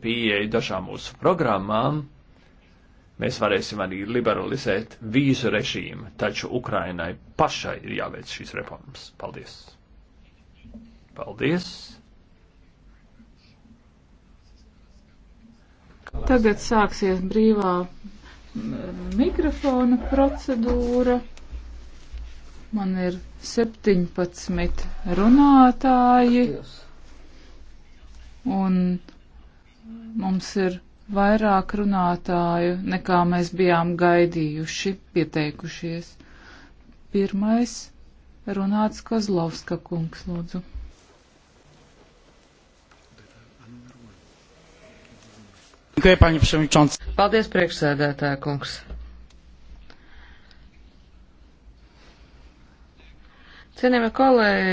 pieeja dažām mūsu programmām, mēs varēsim arī liberalizēt vīzu režīmu, taču Ukrainai pašai ir jāveic šīs reformas. Paldies! Paldies! Tagad sāksies brīvā mikrofona procedūra. Man ir 17 runātāji. Un Mums ir vairāk runātāju, nekā mēs bijām gaidījuši, pieteikušies. Pirmais runāts Kozlovska kungs, lūdzu. Paldies, priekšsēdētāja kungs. Cienījamie kolēģi!